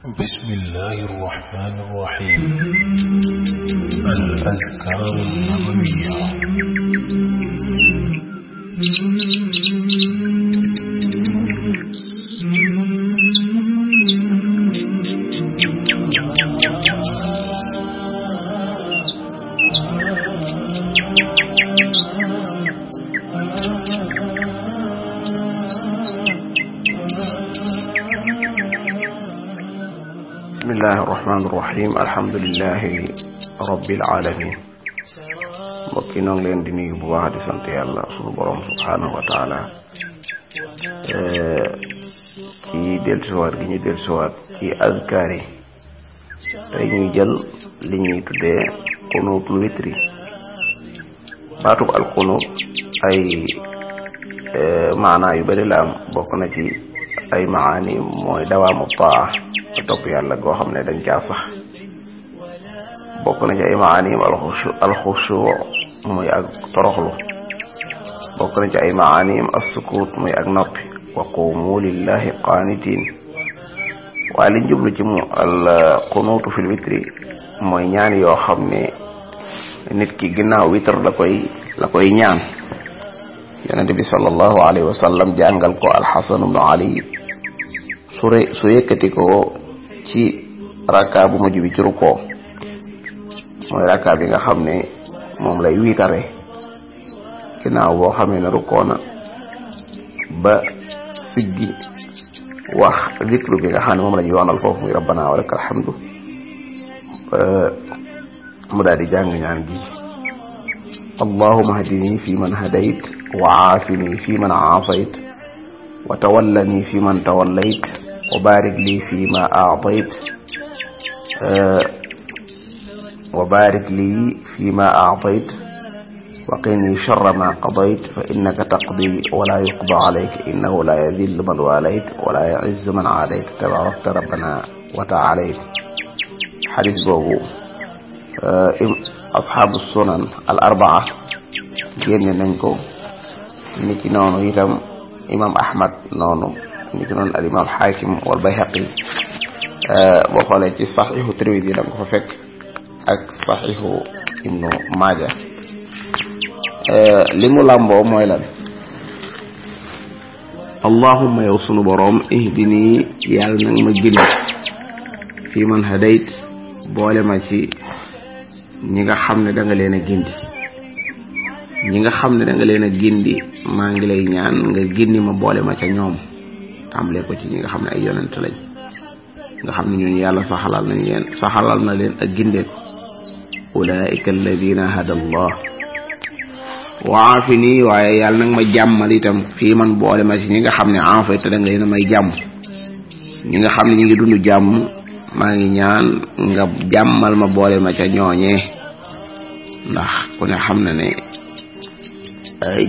بسم الله الرحمن الرحيم الأذكار النبوية rahmaani rahim alhamdulilahi rabbil alamin mbokk yi noo ngi leen di nuyu bu di sant yàlla sunu borom subhaanahu wa taala ci eh, dellusiwaat gi ñu dellusiwaat ci azkaar yi tey ñuy li ñuy tuddee xunuutul witri baatub al xunuut ay eh, maanaa yu bëri la am na ci ay maani mooy dawaamu paa ci topp yàlla goo xam ne dañ caa sax bokk na ci ay maaniim alxushu muy ak toroxlu bokk na ci ay maaniim assukuut muy ak noppi wa qumu lillahi qaanitiin waaye jublu ci mu al qunuutu fil witri mooy ñaan yoo xam ne nit ki ginnaaw witr la koy la koy ñaan yonente bi sallallahu alayhi wa sallam jàngal ko ali su ko ci rakka bu mujj bi ci rukkoo mooy rakka bi nga xam ne moom lay wiitare ginnaaw boo xamee ne rukkoo na ba siggi wax zikru bi nga xam ne moom la ñu yoonal foofu muy rabbana wa lakal hamdu mu daal di jàng ñaan gi allahuma ahdini fi man hadayt wa aafini fi man aafayt wa tawallani fi man tawallayt وبارك لي فيما أعطيت وبارك لي فيما أعطيت وقني شر ما قضيت فإنك تقضي ولا يقضى عليك إنه لا يذل من واليت ولا يعز من عليك تباركت ربنا وتعاليت xadis boobu asxaabu sunan al arbaa génne nañ ko niki noonu itam imam ahmad noonu ni ki noonu al imam xaakim wal bayhaqi euh, boo xoolee ci saxiixu Tirmidi da nga ko fa fekk ak saxiixu ibnu maaja euh, li mu làmboo mooy lan allahumma yow sunu boroom ihdini yàlla nag ma gindi fi man hadayt boole ma ci ñi nga xam ne da leen a gindi ñi nga xam ne leen a gindi maa ngi lay ñaan nga gindi ma boole ma ca ñoom tàmbalee ko ci ñi nga xam ne ay yonent lañ yàlla saxalaal nañ leen saxalal na leen ak gindeen ulaika alladina hada allah waafi nii waaye yàlla nag ma jàmmal itam fii man boole ma ci ñi nga xam ne en fait da nga leen may jàmm ñi nga xam ne ñu ngi dund jàmm maa ngi ñaan nga jàmmal ma boole ma ca ñooñee ndax ku ne xam na ne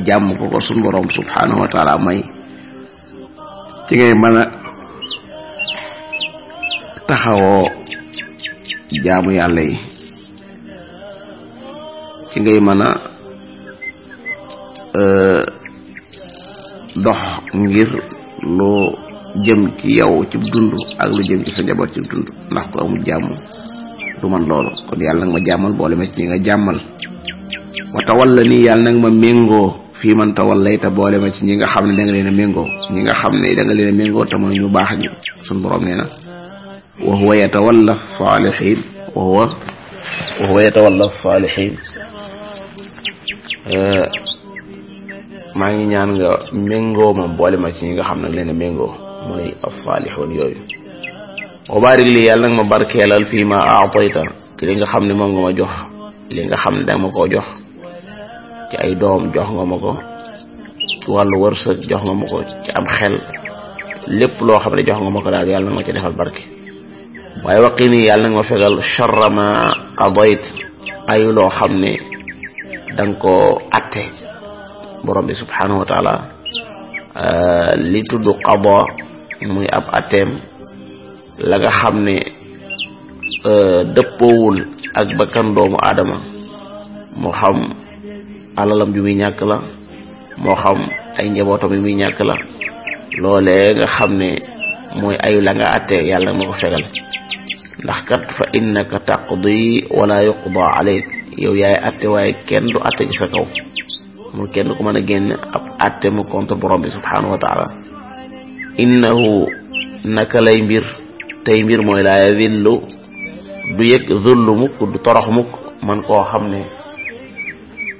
jàmm koko ko sun borom subhanahu may ci ngay mën a taxawoo jaamu yàlla yi ci ngay mën a euh, dox ngir lu jëm ci yow ci dund ak lu jëm ci sa njaboot ci dund ndax ko amul jàmm du man loolu kon yàlla nag ma jàmmal boole ma ci ñi nga jàmmal wata walla nii yàlla nag ma méngoo fii man tawallayta boole ma ci ñi nga xam ne da nga leen a méngoo ñi nga xam ne da leen a méngoo te mooy ñu baax ñi suñ borom nee na wa huwa yatawalla saalihin maa ngi ñaan nga méngoo ma boole ma ci ñi nga xam ne leen a méngoo mooy as-saalihoon yooyu wa baarik li yàlla nag ma barkeelal fii ma aatayta ci nga xam ne moom nga ma jox li nga xam ne danga ma koo jox ci ay doom jox nga ma ko ci wàllu jox nga ma ko ci am xel lépp loo xam ne jox nga ma ko daal yàlla na ma ci defal barke waaye waqi nii yàlla na nga ma fegal charra ma adayt loo xam ne da nga koo atte borom bi subhanahu euh, li tudd qada muy ab atteem la xam ne euh, dëppowul ak bakkan doomu aadama moo xam alalam bi muy ñàkk la moo xam ay njabootam bi muy ñàkk la loolee nga xam ne mooy ay la nga àtte yàlla ma ko fegal ndax kat fa innaka taqdi wala yuqda alayk yow yaay àtte kenn du àtte ci kenn ku mën a génn ab àtte mu contre borom bi subhanahu wa taala naka lay mbir tey mbir mooy laa yadillu du yëg zullu mukk du torox mukk man koo xam ne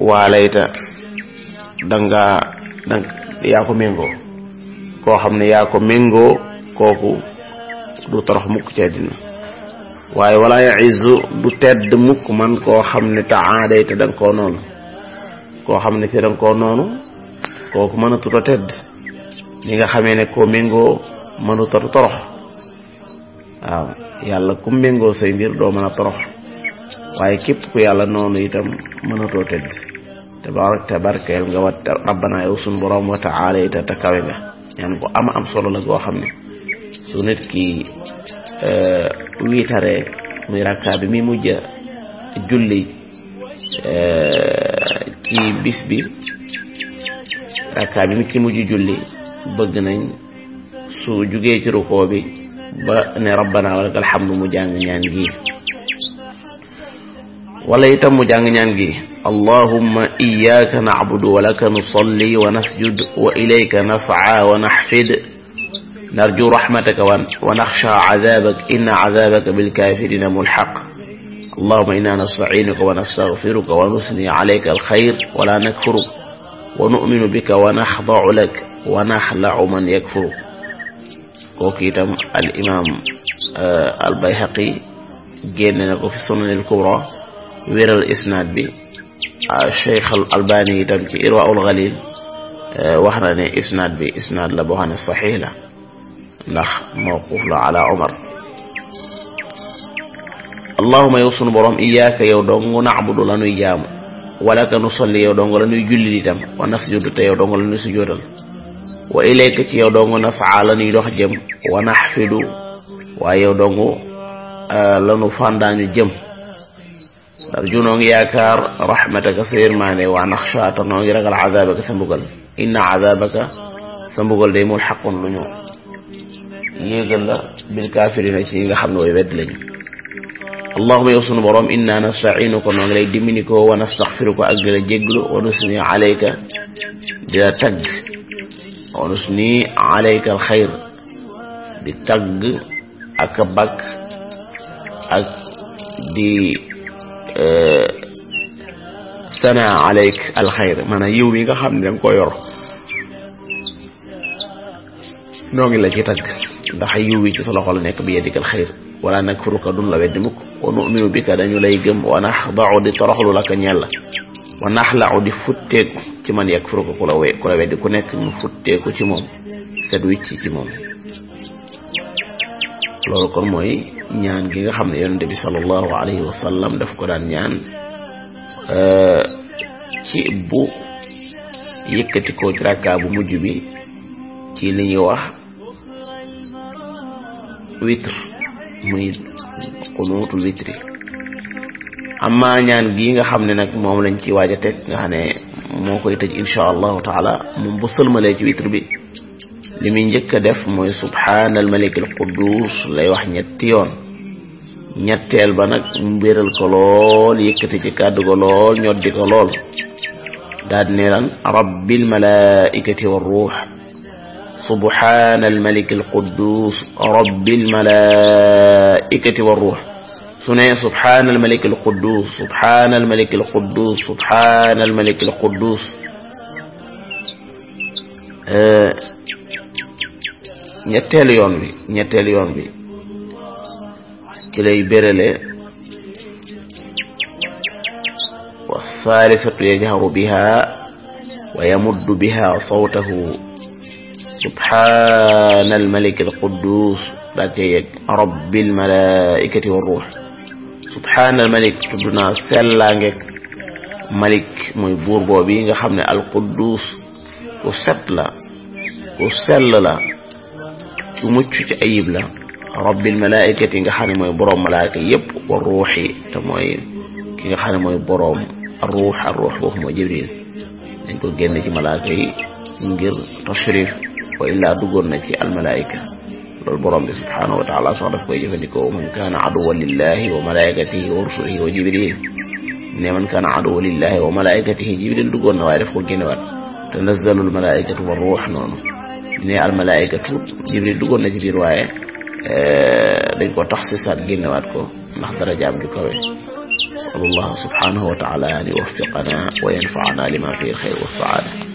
waalayta danga danga yaa ko méngoo koo xam ne yaa ko méngoo kooku du torox mukk ci àddina waaye wala yaizu du tedd mukk man koo xam ne taadayta danga koo noonu koo xam ne si danga koo noonu kooku mënatut a tedd ñi nga xamee ne koo méngoo mënut a torox waaw yàlla ku méngoo say mbir doo mën a torox waaye képp ku yàlla noonu itam mënatoo tedd tabaarak te barkeel nga wat rabbana yow suñ borom wa taala yi te kawe nga ñaan ko am am solo la goo xam ne su nit ki euh, wiitaree muy rakka bi muy mujj julli euh, ci bis bi rakka mujj julli bëgg nañ su jugee ci rukoo bi ba ne rabbana wa lakal hamdu mu jàng ñaan gi wala itam mu jàng ñaan gi allahuma iyaaka nacbudu wa laka nusalli wa nasjud wa ilayka nascaa wa naxfid narju raxmataka wa naxsha cadaabaka inna cadaabaka bilkaafiriina mulxaq allahuma inna nastaciinuka wa nastagfiruka wa nusni calayka alxayr wala nakfuruk wa numinu bika wa naxdacu lak wa naxlacu man yakfuruk kooku itam al imaam euh, al bayhaqi génne na ko fi sunanil kubra wéral isnaad bi cheikh al albani itam ci irwaul galil eh, wax na ne isnaad bi isnaad la boo xam ne saxiix la ndax mawquuf la ala omar allahuma yow sunu borom iyaaka yow dong nacbudu la nuy jaamu walaka nu solli yow dong la nuy julli itam wa nasjudu te yow dong la nuy sujjóotal wa ilayka ci yow dong nasaa la nuy dox jëm wa naxfidu waaye yow dong eh, la nu fàndaañu jëm narju noo ngi yaakaar rahmataka sa yërmaane wa naxsha te noo ngi ragal azaabaka sa mbugal inna azaabaka sa mbugal day mun xaqun lu ñu yéegal la bil kaafirina ci ñi nga xam ne way wedd lañu allahuma yow sunu borom inna nastainuka noo ngi lay dimbali ko wa nastaxfiruka ak di la jégglu wa nusni alayka di la tagg wa nusni alayka alxayr di tagg ak a bakk ak di sana alayk alxayr maanaam yiw yi nga xam ne danga ko yor noo ngi la ci tagg ndax yiw yi ci sa loxo la nekk bi yadikal xayr wala nakfuruka dun la weddi wa numinu bika dañu lay gëm wa naxdau di toroxlu laka ñeel la wa naxlau di futteeku ci man yakfuruka ku ku la weddi ku nekk mu futteeku ci moom set wicc ci moom loolu kon mooy ñaan gi nga xam ne yonente bi sallallahu alayhi wa sallam daf ko daan ñaan euh, ci bu yëkkati ko ci rakka bu mujj bi ci li ñuy wax witr muy xunuutu witri amma ñaan gi nga xam ne nag moom lañ ci waaj a teg nga xam ne moo koy tëj incha allahu taala moom bu sëlmalee ci witr bi li muy njëkk def mooy subhaanal malikil quddus lay wax ñetti yoon ñetteel ba nag mbéral ko lool yëkkati ci kàddu ko lool ñoddi ko lool daal ne lan rabbil subhaanal malikil quddus rabbil malaikati war subhaanal malikil quddus subhaanal malikil quddus subhaanal malikil quddus ñetteelu yoon bi ñetteelu yoon bi ci lay bérale wa thalithatu yajharu biha wa yamuddu biha sawtahu subhana almalik alquddus daa cee yegg rabbil almalik tudd naa malik muy buur boobu nga xam ne alquddus ku set la ku la ju mucc ci ayib la rabbil malaikati nga xam ne mooy boroom malaaka yépp wa ruuxi te mooy ki nga xam ne mooy boroom ruux ak ruux boobu mooy jibril dañ ko génn ci malaaka yi ngir tashrif wa illaa duggoon na ci almalaika loolu boroom bi subhanahu wa taala sax daf koy jëfandikoo man kaana aduwa lillahi wa malaikatihi wa rusulihi wa jibril ne man kaana aduwa lillahi wa malaikatihi jibril duggoon na waaye daf ko génnewaat tanazzalu almalaikatu wa ruux noonu ne almalaykatu jibril duggoon na ci biir waaye eh, dañ ko tax si saat génnewaat ko ndax darajaam ju kawe asalullah subhanahu wa taala an yuwaffiqana wa yanfaana lima fihi alxayr wa saada